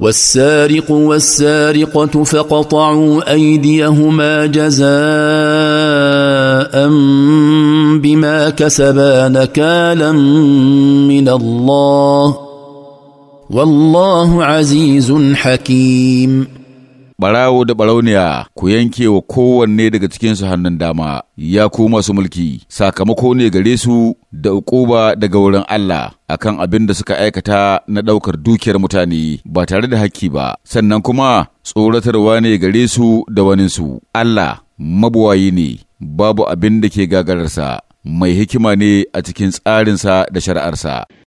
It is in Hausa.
والسارق والسارقة فقطعوا أيديهما جزاء بما كسبا نكالا من الله والله عزيز حكيم Barawo da barauniya ku yanke wa kowanne daga cikinsu hannun dama, ya ku masu mulki, sakamako ne gare su da ukuba daga wurin Allah a kan abin da suka aikata na ɗaukar dukiyar mutane ba tare da hakki ba, sannan kuma tsoratarwa ne gare su da waninsu. Allah mabuwayi ne, babu abin da ke gagararsa, mai hikima ne a cikin tsarinsa da shari'arsa.